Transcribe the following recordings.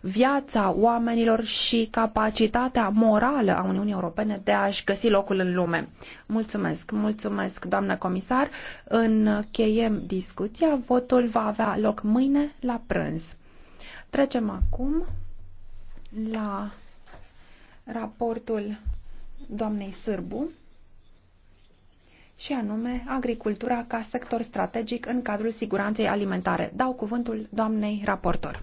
viața oamenilor și capacitatea morală a Uniunii Europene de a-și găsi locul în lume. Mulțumesc, mulțumesc, doamnă comisar. Încheiem discuția. Votul va avea loc mâine la prânz. Trecem acum la raportul doamnei Sârbu și anume agricultura ca sector strategic în cadrul siguranței alimentare. Dau cuvântul doamnei raportor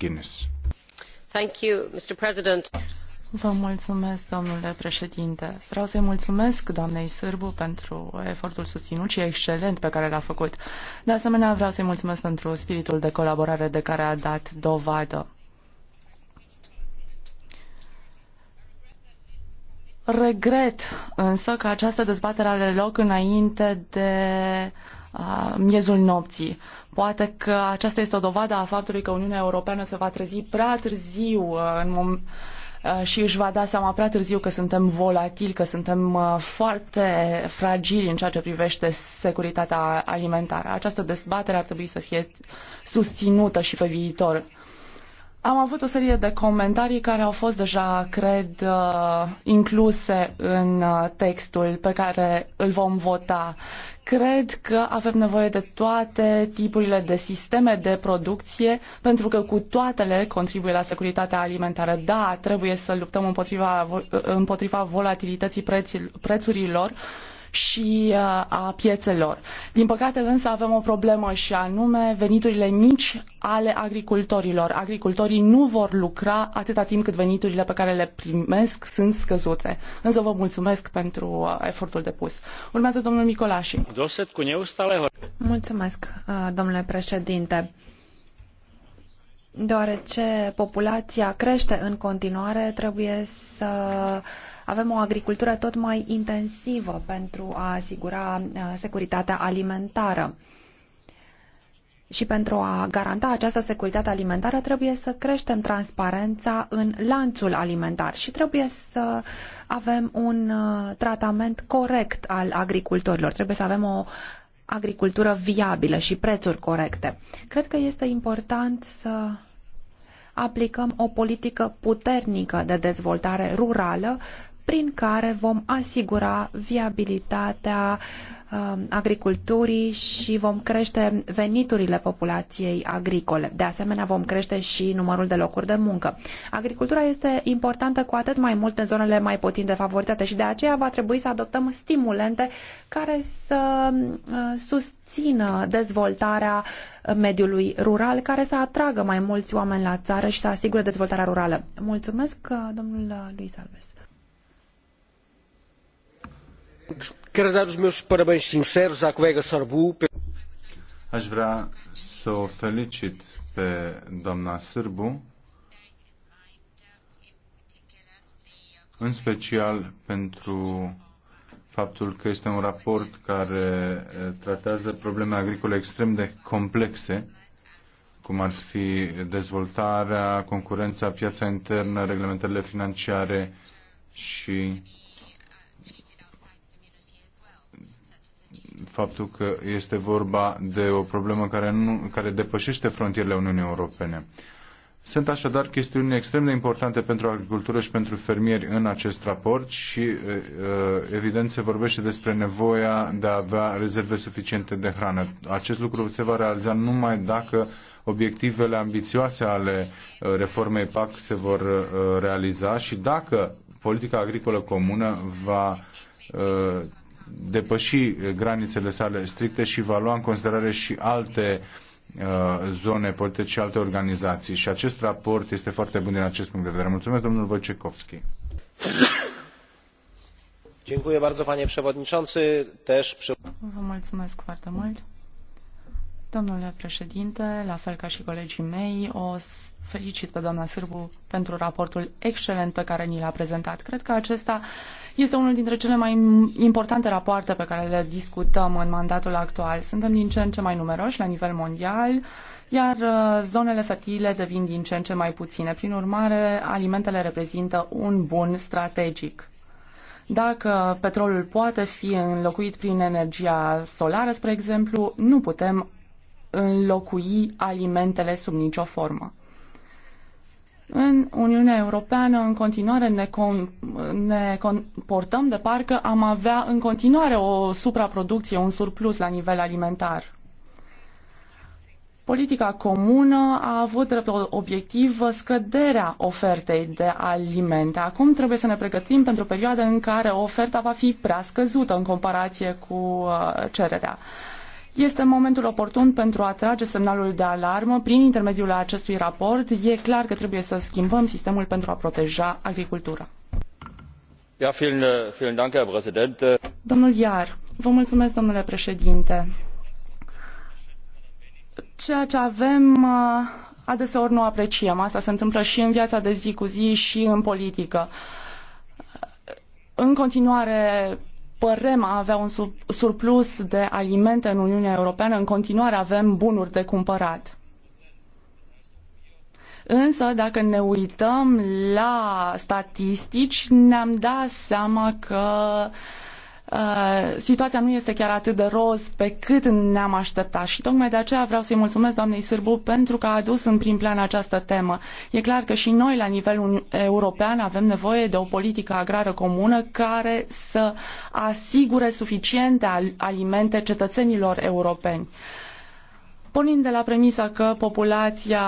mulțumesc, Vreau să-i mulumesc doamnei Sârbu pentru efortul susținut și excelent pe care l-a făcut. De asemenea, vreau să-i mulțumesc pentru spiritul de colaborare de care a dat dovadă. Regret însă că această dezbatere are loc înainte de uh, miezul nopții. Poate că aceasta este o dovadă a faptului că Uniunea Europeană se va trezi prea târziu uh, în mom- uh, și își va da seama prea târziu că suntem volatili, că suntem uh, foarte fragili în ceea ce privește securitatea alimentară. Această dezbatere ar trebui să fie susținută și pe viitor. Am avut o serie de comentarii care au fost deja, cred, incluse în textul pe care îl vom vota. Cred că avem nevoie de toate tipurile de sisteme de producție, pentru că cu toatele contribuie la securitatea alimentară. Da, trebuie să luptăm împotriva, împotriva volatilității preț, prețurilor, și uh, a piețelor. Din păcate însă avem o problemă și anume veniturile mici ale agricultorilor. Agricultorii nu vor lucra atâta timp cât veniturile pe care le primesc sunt scăzute. Însă vă mulțumesc pentru uh, efortul depus. Urmează domnul Nicolași. Mulțumesc, uh, domnule președinte. Deoarece populația crește în continuare, trebuie să avem o agricultură tot mai intensivă pentru a asigura uh, securitatea alimentară. Și pentru a garanta această securitate alimentară trebuie să creștem transparența în lanțul alimentar și trebuie să avem un uh, tratament corect al agricultorilor. Trebuie să avem o agricultură viabilă și prețuri corecte. Cred că este important să aplicăm o politică puternică de dezvoltare rurală prin care vom asigura viabilitatea um, agriculturii și vom crește veniturile populației agricole. De asemenea, vom crește și numărul de locuri de muncă. Agricultura este importantă cu atât mai mult în zonele mai puțin defavorizate și de aceea va trebui să adoptăm stimulente care să um, susțină dezvoltarea mediului rural, care să atragă mai mulți oameni la țară și să asigure dezvoltarea rurală. Mulțumesc, uh, domnul uh, Luis Alves. Quero dar os meus parabéns sinceros à colega Sorbu. Aș vrea să o felicit pe doamna Sârbu, în special pentru faptul că este un raport care eh, tratează probleme agricole extrem de complexe, cum ar fi dezvoltarea, concurența, piața internă, reglementările financiare și faptul că este vorba de o problemă care, nu, care depășește frontierele Uniunii Europene. Sunt așadar chestiuni extrem de importante pentru agricultură și pentru fermieri în acest raport și evident se vorbește despre nevoia de a avea rezerve suficiente de hrană. Acest lucru se va realiza numai dacă obiectivele ambițioase ale reformei PAC se vor realiza și dacă politica agricolă comună va depăși eh, granițele sale stricte și va lua în considerare și alte eh, zone politice și alte organizații. Și acest raport este foarte bun din acest punct de vedere. Mulțumesc, domnul Wojciechowski. Dziękuję bardzo, panie przewodniczący. Też... Vă mulțumesc foarte mult. Domnule președinte, la fel ca și colegii mei, o felicit pe doamna Sârbu pentru raportul excelent pe care ni l-a prezentat. Cred că acesta este unul dintre cele mai importante rapoarte pe care le discutăm în mandatul actual. Suntem din ce în ce mai numeroși la nivel mondial, iar uh, zonele fertile devin din ce în ce mai puține. Prin urmare, alimentele reprezintă un bun strategic. Dacă petrolul poate fi înlocuit prin energia solară, spre exemplu, nu putem înlocui alimentele sub nicio formă. În Uniunea Europeană, în continuare, ne, con- ne comportăm de parcă am avea în continuare o supraproducție, un surplus la nivel alimentar. Politica comună a avut drept obiectiv scăderea ofertei de alimente. Acum trebuie să ne pregătim pentru perioada în care oferta va fi prea scăzută în comparație cu uh, cererea. Este momentul oportun pentru a trage semnalul de alarmă prin intermediul acestui raport. E clar că trebuie să schimbăm sistemul pentru a proteja agricultura. Ja, vielen, vielen Dank, Herr Präsident. Domnul Iar, vă mulțumesc, domnule președinte. Ceea ce avem uh, adeseori nu apreciem. Asta se întâmplă și în viața de zi cu zi și în politică. În continuare, părem a avea un surplus de alimente în Uniunea Europeană, în continuare avem bunuri de cumpărat. Însă, dacă ne uităm la statistici, ne-am dat seama că uh, Uh, situația nu este chiar atât de roz pe cât ne-am așteptat și tocmai de aceea vreau să-i mulțumesc doamnei Sârbu pentru că a adus în prim plan această temă. E clar că și noi la nivel european avem nevoie de o politică agrară comună care să asigure suficiente alimente cetățenilor europeni. Pornind de la premisa că populația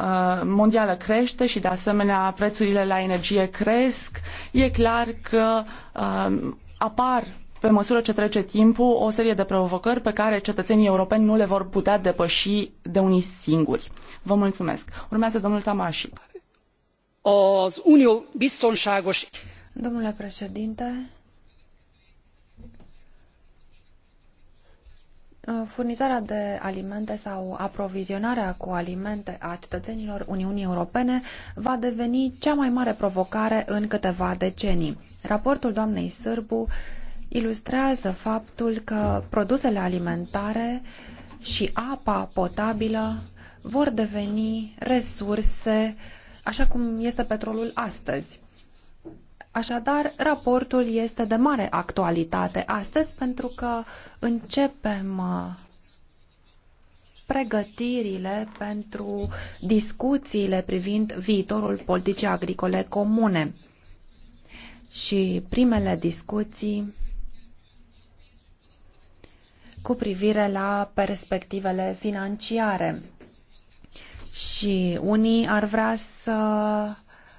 uh, mondială crește și de asemenea prețurile la energie cresc, e clar că uh, apar pe măsură ce trece timpul o serie de provocări pe care cetățenii europeni nu le vor putea depăși de unii singuri. Vă mulțumesc. Urmează domnul Tamașic. Domnule președinte, Furnizarea de alimente sau aprovizionarea cu alimente a cetățenilor Uniunii Europene va deveni cea mai mare provocare în câteva decenii. Raportul doamnei Sârbu ilustrează faptul că produsele alimentare și apa potabilă vor deveni resurse așa cum este petrolul astăzi. Așadar, raportul este de mare actualitate astăzi pentru că începem uh, pregătirile pentru discuțiile privind viitorul politicii agricole comune și primele discuții cu privire la perspectivele financiare. Și unii ar vrea să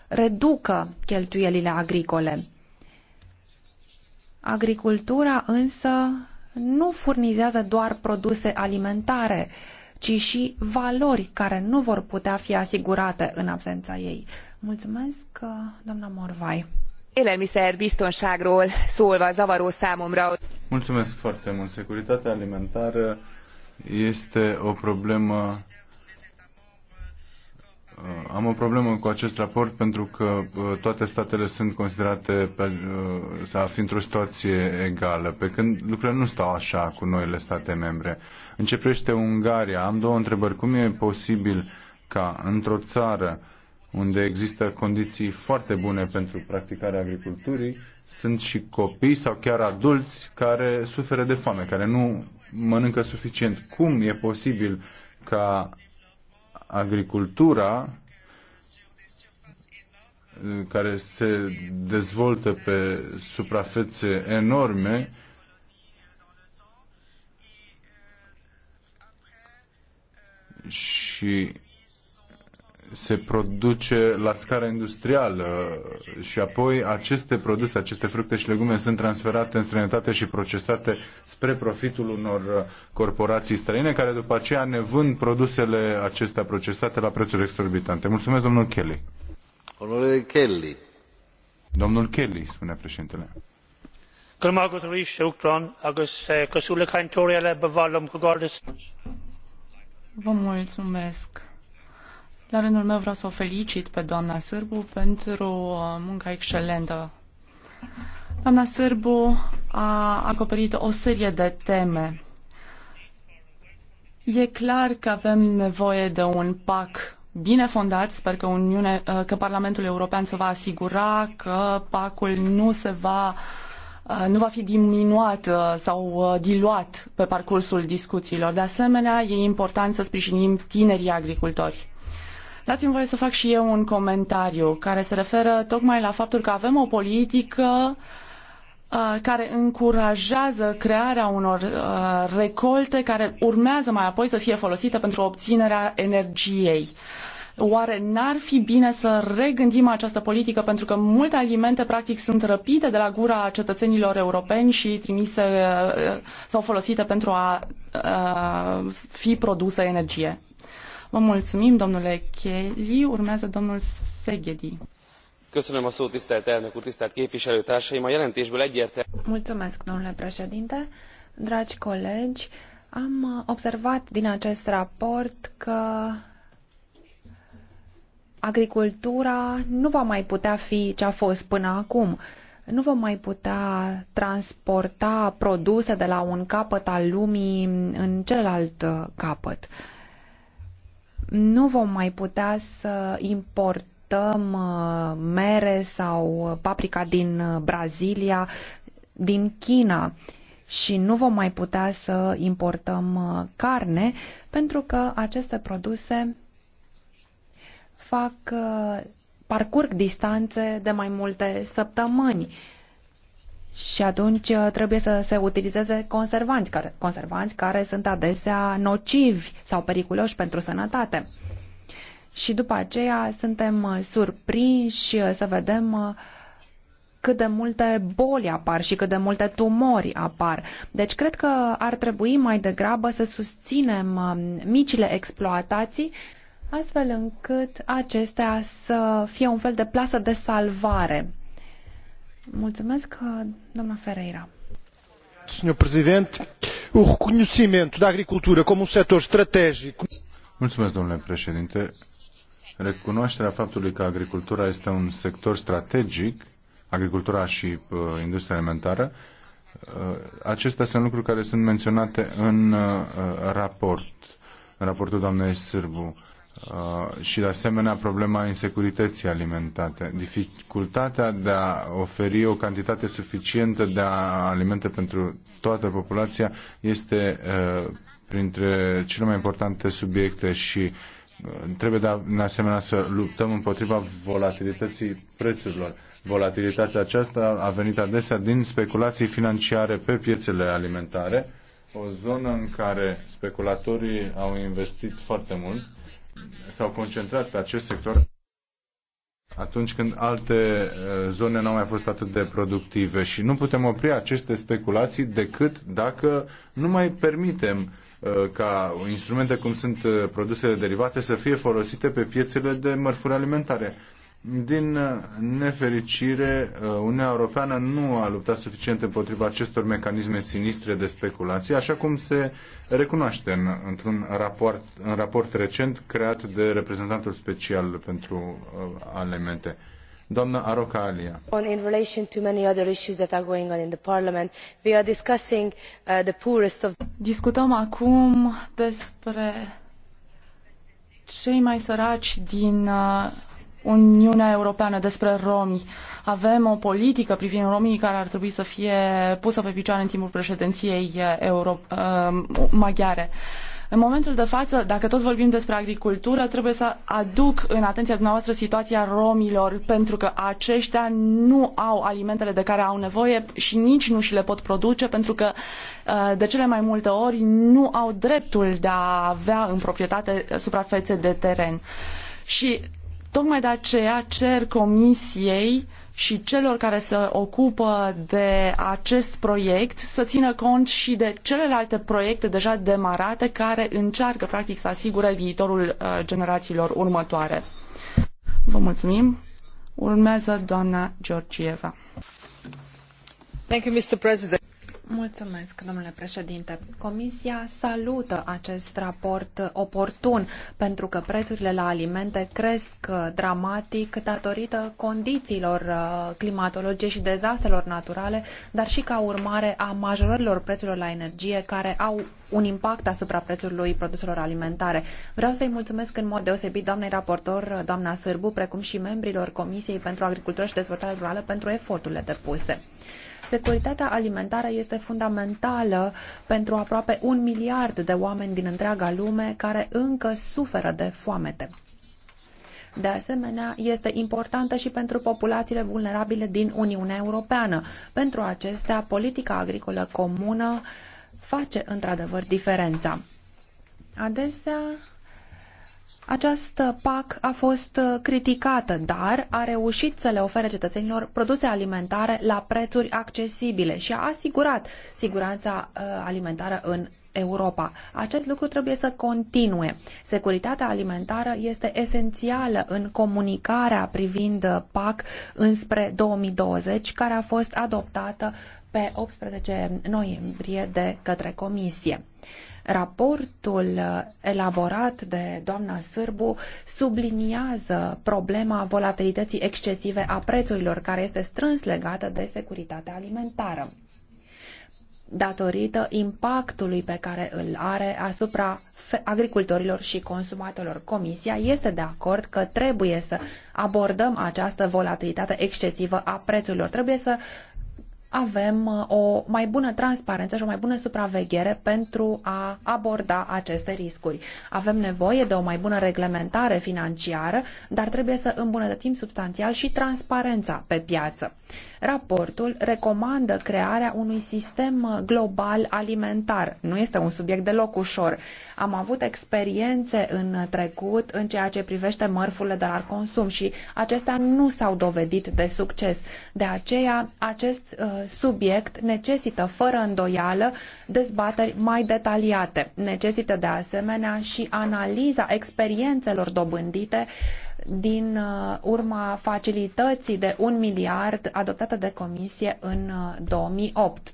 reducă cheltuielile agricole. Agricultura însă nu furnizează doar produse alimentare, ci și valori care nu vor putea fi asigurate în absența ei. Mulțumesc, doamna Morvai élelmiszerbiztonságról szólva zavaró számomra. Mulțumesc foarte mult. Securitatea alimentară este o problemă uh, am o problemă cu acest raport pentru că uh, toate statele sunt considerate pe, uh, să fi într-o situație egală, pe când lucrurile nu stau așa cu noile state membre. Începește Ungaria. Am două întrebări. Cum e posibil ca într-o țară uh, unde există condiții foarte bune pentru practicarea agriculturii, sunt și copii sau chiar adulți care suferă de foame, care nu mănâncă suficient. Cum e posibil ca agricultura care se dezvoltă pe suprafețe enorme și se produce la scară industrială și apoi aceste produse, aceste fructe și legume sunt transferate în străinătate și procesate spre profitul unor corporații străine care după aceea ne vând produsele acestea procesate la prețuri exorbitante. Mulțumesc, domnul Kelly. Domnule Kelly. Domnul Kelly, spune președintele. Eh, Vă mulțumesc. La rândul meu vreau să o felicit pe doamna Sârbu pentru uh, munca excelentă. Doamna Sârbu a acoperit o serie de teme. E clar că avem nevoie de un pact bine fondat. Sper că, Uniune, uh, că Parlamentul European se va asigura că PAC-ul nu se va uh, nu va fi diminuat sau diluat pe parcursul discuțiilor. De asemenea, e important să sprijinim tinerii agricultori. Dați-mi voie să fac și eu un comentariu care se referă tocmai la faptul că avem o politică uh, care încurajează crearea unor uh, recolte care urmează mai apoi să fie folosite pentru obținerea energiei. Oare n-ar fi bine să regândim această politică pentru că multe alimente practic sunt răpite de la gura cetățenilor europeni și trimise uh, sau folosite pentru a fi produsă energie? Vă mulțumim, domnule Kelly. Urmează domnul Segedi. Köszönöm a szót, tisztelt elnök úr, tisztelt képviselőtársaim. A jelentésből egyértelmű... Mulțumesc, domnule președinte. Dragi colegi, am observat din acest raport că agricultura nu va mai putea fi ce a fost până acum. Nu vom mai putea transporta produse de la un capăt al lumii în celălalt uh, capăt nu vom mai putea să importăm uh, mere sau uh, paprika din uh, Brazilia, din China și nu vom mai putea să importăm carne pentru că aceste produse fac parcurg distanțe de mai multe săptămâni și atunci uh, trebuie să se utilizeze conservanți care, conservanți care sunt adesea nocivi sau periculoși pentru sănătate. Și după aceea suntem uh, surprinși uh, să vedem cât de multe boli apar și cât de multe tumori apar. Deci cred că ar trebui mai degrabă să susținem micile exploatații astfel încât acestea să fie un fel de plasă de salvare Mulțumesc, doamna Ferreira. Senhor Presidente, o reconhecimento da agricultura como um setor estratégico. Mulțumesc, domnule președinte. Recunoașterea faptului că agricultura este un sector strategic, agricultura și uh, industria alimentară, uh, acestea sunt lucruri care sunt menționate în uh, raport, în raportul doamnei Sârbu. Uh, și de asemenea problema insecurității alimentate. Dificultatea de a oferi o cantitate suficientă de alimente pentru toată populația este uh, printre cele mai importante subiecte și uh, trebuie de, de asemenea să luptăm împotriva volatilității prețurilor. Volatilitatea aceasta a venit adesea din speculații financiare pe piețele alimentare, o zonă în care speculatorii au investit foarte mult s-au concentrat pe acest sector atunci când alte zone nu au mai fost atât de productive și nu putem opri aceste speculații decât dacă nu mai permitem ca instrumente cum sunt produsele derivate să fie folosite pe piețele de mărfuri alimentare. Din nefericire, Uniunea Europeană nu a luptat suficient împotriva acestor mecanisme sinistre de speculație, așa cum se uh, recunoaște în, într-un raport, în raport recent creat de reprezentantul special pentru uh, alimente. Doamna Aroca Alia. On, in relation to many other issues that are going on in the Parliament, we are discussing uh, the poorest of... Discutăm acum despre cei mai săraci din uh, Uniunea Europeană, despre romi. Avem o politică privind romii care ar trebui să fie pusă pe picioare în timpul președinției eh, euro, eh, maghiare. În momentul de față, dacă tot vorbim despre agricultură, trebuie să aduc în atenția dumneavoastră situația romilor, pentru că aceștia nu au alimentele de care au nevoie și nici nu și le pot produce, pentru că eh, de cele mai multe ori nu au dreptul de a avea în proprietate suprafețe de teren. Și Tocmai de aceea cer Comisiei și celor care se ocupă de acest proiect să țină cont și de celelalte proiecte deja demarate care încearcă practic să asigure viitorul uh, generațiilor următoare. Vă mulțumim. Urmează doamna Georgieva. Thank you, Mr. President. Mulțumesc, domnule președinte. Comisia salută acest raport oportun pentru că prețurile la alimente cresc dramatic datorită condițiilor uh, climatologice și dezastrelor naturale, dar și ca urmare a majorărilor prețurilor la energie care au un impact asupra prețului produselor alimentare. Vreau să-i mulțumesc în mod deosebit doamnei raportor, doamna Sârbu, precum și membrilor Comisiei pentru Agricultură și Dezvoltare Rurală pentru eforturile depuse. Securitatea alimentară este fundamentală pentru aproape un miliard de oameni din întreaga lume care încă suferă de foamete. De asemenea, este importantă și pentru populațiile vulnerabile din Uniunea Europeană. Pentru acestea, politica agricolă comună face într-adevăr diferența. Adesea, această PAC a fost uh, criticată, dar a reușit să le ofere cetățenilor produse alimentare la prețuri accesibile și a asigurat siguranța uh, alimentară în Europa. Acest lucru trebuie să continue. Securitatea alimentară este esențială în comunicarea privind uh, PAC înspre 2020, care a fost adoptată pe 18 noiembrie de către Comisie. Raportul uh, elaborat de doamna Sârbu subliniază problema volatilității excesive a prețurilor, care este strâns legată de securitatea alimentară datorită impactului pe care îl are asupra agricultorilor și consumatorilor. Comisia este de acord că trebuie să abordăm această volatilitate excesivă a prețurilor. Trebuie să avem uh, o mai bună transparență și o mai bună supraveghere pentru a aborda aceste riscuri. Avem nevoie de o mai bună reglementare financiară, dar trebuie să îmbunătățim substanțial și transparența pe piață. Raportul recomandă crearea unui sistem global alimentar. Nu este un subiect deloc ușor. Am avut experiențe în trecut în ceea ce privește mărfurile de la consum și acestea nu s-au dovedit de succes. De aceea, acest uh, subiect necesită fără îndoială dezbateri mai detaliate. Necesită de asemenea și analiza experiențelor dobândite din uh, urma facilității de un miliard adoptată de Comisie în 2008. Uh,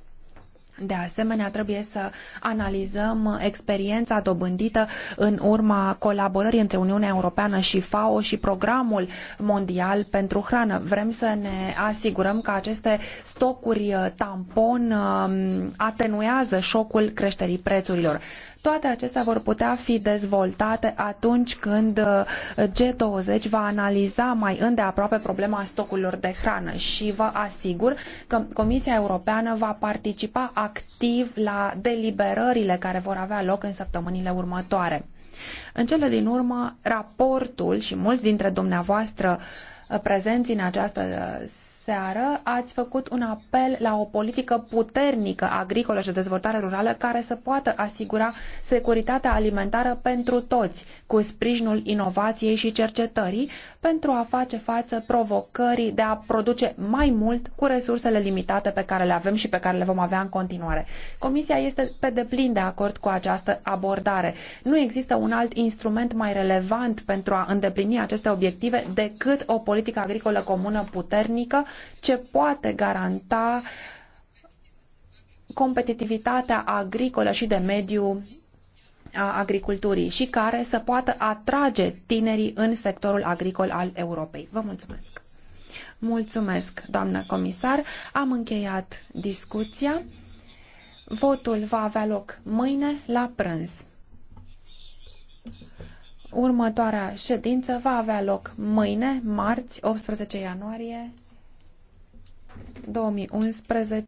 de asemenea, trebuie să analizăm experiența dobândită în urma colaborării între Uniunea Europeană și FAO și programul mondial pentru hrană. Vrem să ne asigurăm că aceste stocuri uh, tampon um, atenuează șocul creșterii prețurilor. Toate acestea vor putea fi dezvoltate atunci când uh, G20 va analiza mai îndeaproape problema stocurilor de hrană și vă asigur că Comisia Europeană va participa activ la deliberările care vor avea loc în săptămânile următoare. În cele din urmă, raportul și mulți dintre dumneavoastră uh, prezenți în această uh, seară ați făcut un apel la o politică puternică agricolă și de dezvoltare rurală care să poată asigura securitatea alimentară pentru toți, cu sprijinul inovației și cercetării, pentru a face față provocării de a produce mai mult cu resursele limitate pe care le avem și pe care le vom avea în continuare. Comisia este pe deplin de acord cu această abordare. Nu există un alt instrument mai relevant pentru a îndeplini aceste obiective decât o politică agricolă comună puternică ce poate garanta competitivitatea agricolă și de mediu a agriculturii și care să poată atrage tinerii în sectorul agricol al Europei. Vă mulțumesc! Mulțumesc, doamnă comisar. Am încheiat discuția. Votul va avea loc mâine la prânz. Următoarea ședință va avea loc mâine, marți, 18 ianuarie 2011